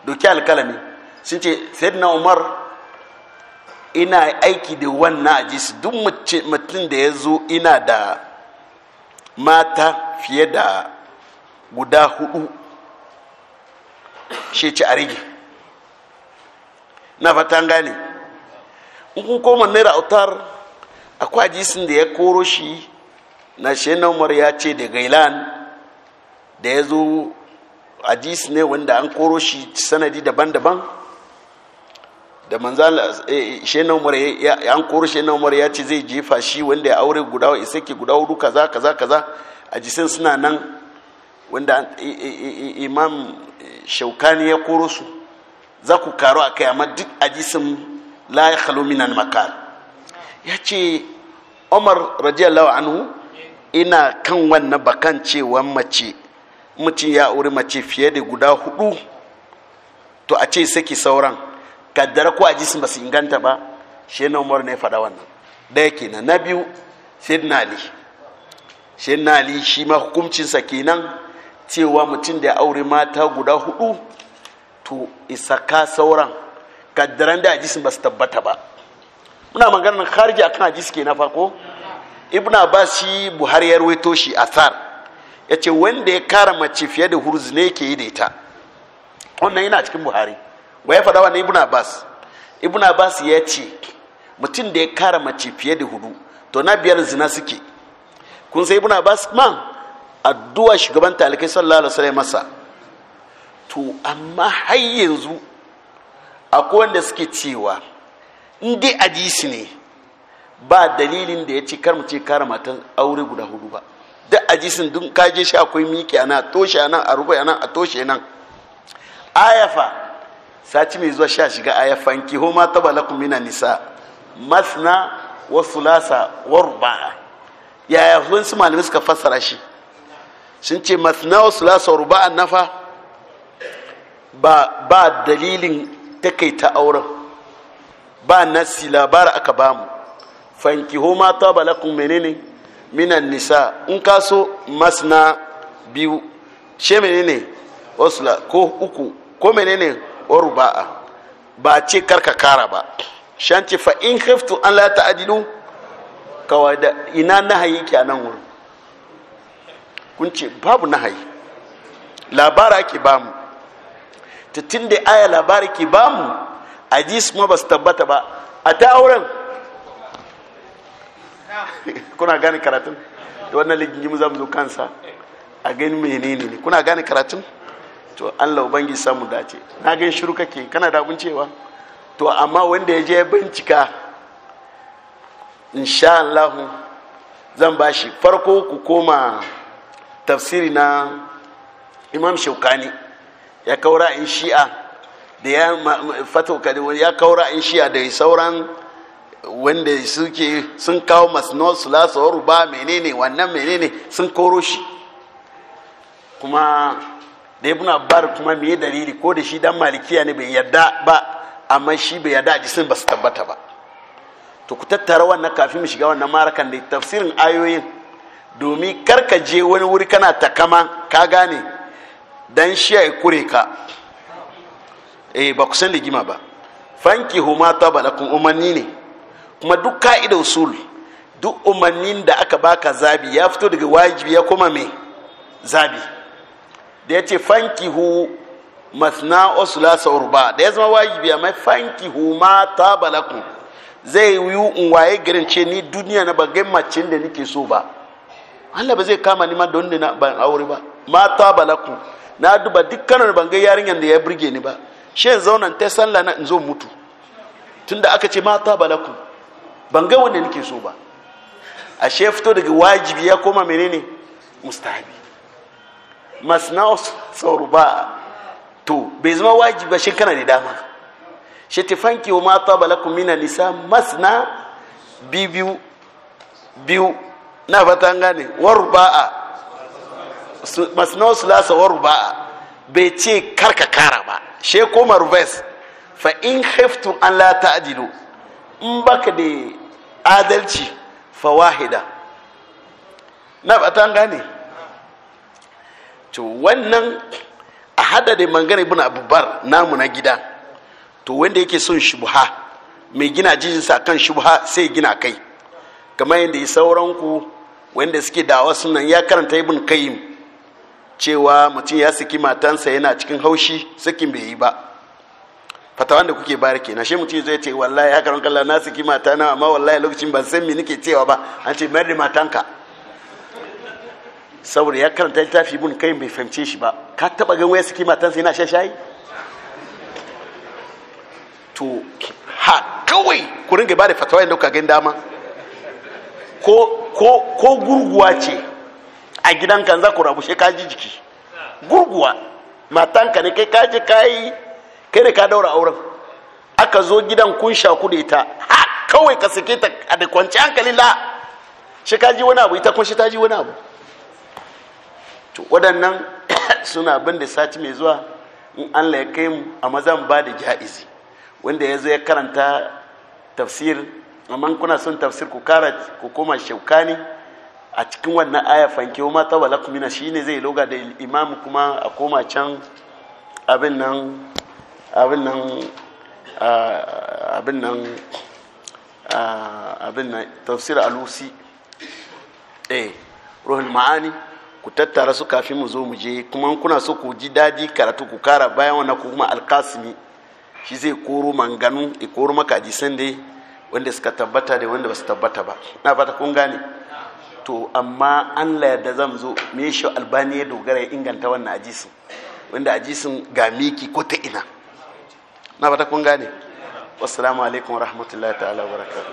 doki alkalami sun ce sayyidina umar ina aiki da wannan ajis duk mutum da ya zo ina da mata fiye da guda hudu shi ci a rigi na fatan gane in kun koma naira autar akwai jisun da ya koro shi na shenan ya ce da gailan da ya zo ajis ne wanda an koro shi sanadi daban-daban da manzan eh, shenan umar ya an koro shenan umar ya ce zai jefa shi wanda ya aure guda isaki guda hudu kaza kaza kaza a jisan suna nan wanda eh, eh, imam shaukani ya koro su za ku karo a kai duk a jisan la ya khalo minan makar ya ce umar radiyallahu anhu ina kan wannan bakan cewa mace mutum ya aure mace fiye da guda hudu to a ce sauran kaddara ko a ji ba su inganta ba shi na umar ne faɗa wannan ɗaya kenan na biyu sayyidina ali sayyidina ali shi ma hukuncinsa kenan cewa mutum da ya aure mata guda hudu to ka sauran kaddaran da hadisin ba su tabbata ba muna maganar harji akan hadisi ke na fako ibn abbas shi buhari ya ruwaito shi Asar. ya ce wanda ya kara mace fiye da hurzu ne ke yi da ita wannan yana cikin buhari wa ya faɗa wani ibn abbas ibn abbas ya ce mutum da ya kara mace fiye da hudu to na biyar zina suke kun sai ibn abbas ma addu'a shugaban talikai sallallahu alaihi wasallam masa to amma har yanzu akwai wanda suke cewa in dai hadisi ne ba dalilin da ya ce kar mu ce kara matan aure guda hudu ba duk hadisin dun kaje shi akwai miki ana toshe nan a rubai nan a toshe nan ayafa sati mai zuwa sha shiga aya fanki ho ma taba lakum mina nisa masna wa sulasa wa ruba'a yaya wasu malamai suka fassara shi sun ce masna wa sulasa wa ruba'a nafa ba ba dalilin takaita auren ba nasi labara aka bamu fanki ho ma taba lakum menene minan nisa in ka so masna biyu she menene wasula ko uku ko menene wa ba ce karka kara ba shanci fa in khiftu an la ta adilu kawai da ina nahayi ke nan wurin kun ce babu nahayi labara ke bamu ta tun da aya labara ke bamu su ma ba su tabbata ba a ta auren kuna gane karatun da wannan ligingimu za mu zo kansa a gani menene ne kuna gane karatun to Allah ubangi samu dace na gan shiru kake kana da cewa to amma wanda ya je bincika insha Allah zan bashi farko ku koma tafsiri na imam shaukani ya kaura in shi'a da ya fatauka ya kaura in shi'a da sauran wanda suke sun kawo masno sulasa ruba menene wannan menene sun koro shi kuma da ibn abbar kuma me dalili ko da shi dan malikiya ne bai yarda ba amma shi bai yarda jisun ba su tabbata ba to ku tattara wannan kafin mu shiga wannan marakan da tafsirin ayoyin domin karka je wani wuri kana ta takama ka gane dan shi ya kure ka eh ba ku san ligima ba fanki huma tabalakum umanni ne kuma duk ka'ida usul duk umannin da aka baka zabi ya fito daga wajibi ya kuma mai zabi da ya ce fankihu masna osula urba da ya zama wajibi mai fankihu ma ta balaku zai yi unwaye waye garin ce ni duniya na bagai macin da nike so ba Allah ba zai kama ni ma don na ban aure ba ma ta balaku na duba dukkanin bangai yarinyar da ya burge ni ba shi yanzu zaunan ta sallah na in zo mutu tunda aka ce ma ta bangai wanda nake so ba ashe fito daga wajibi ya koma menene mustahabi masna sau ruba to bai zama wajiba shi kana da dama shi tifanki wa mata balakun mina nisa masna biyu biyu na fata gane waru waruba'a masna sulasa waruba'a bai ce karka kara ba shi koma reverse fa in haifton an lata ta'dilu in baka da adalci fa wahida na fata gane to wannan a hada da mangana ibn abubar namu na gida to wanda yake son shubha mai gina jijinsa kan shubha sai gina kai kamar yadda sauran ku wanda suke dawa sunan ya karanta ibn kayyim cewa mutum ya saki matansa yana cikin haushi sakin bai yi ba fatawan da kuke bayar kenan shi mutum zai ce wallahi haka ran na saki matana amma wallahi lokacin ban san me nake cewa ba an ce mayar da matanka saboda ya karanta littafi mun kai bai fahimce shi ba ka taba gan waya saki matansa yana shashayi to ha kawai ku ringa ba da fatawa yadda kuka gan dama ko gurguwa ce a gidan kan za ku rabu shi kaji jiki gurguwa matanka ne kai kaji kayi kai ne ka daura auren aka zo gidan kun sha ku da ha kawai ka sake ta a da kwanci hankali la shi kaji wani abu ita kun ta ji wani abu to waɗannan suna abin da sati mai zuwa in allah ya kai mu a mazan ba da ja'izi wanda ya zo ya karanta tafsir amma kuna son tafsir ku kara ku koma shaukani a cikin wannan aya fanke ma ta wala kumina shine zai loga da imamu kuma a koma can abin nan abin nan abin nan abin nan tafsir alusi eh ruhul ma'ani ku tattara su kafin mu zo mu je kuma kuna so ku ji dadi karatu ku kara bayan wannan ku kuma alkasimi shi zai koro manganu ya koro maka hadisan dai wanda suka tabbata da wanda basu tabbata ba na fata kun gane to amma Allah yadda zan zo me shi albani ya dogara ya inganta wannan hadisin wanda hadisin ga miki ko ta ina na fata kun gane wassalamu alaikum warahmatullahi ta'ala wabarakatuh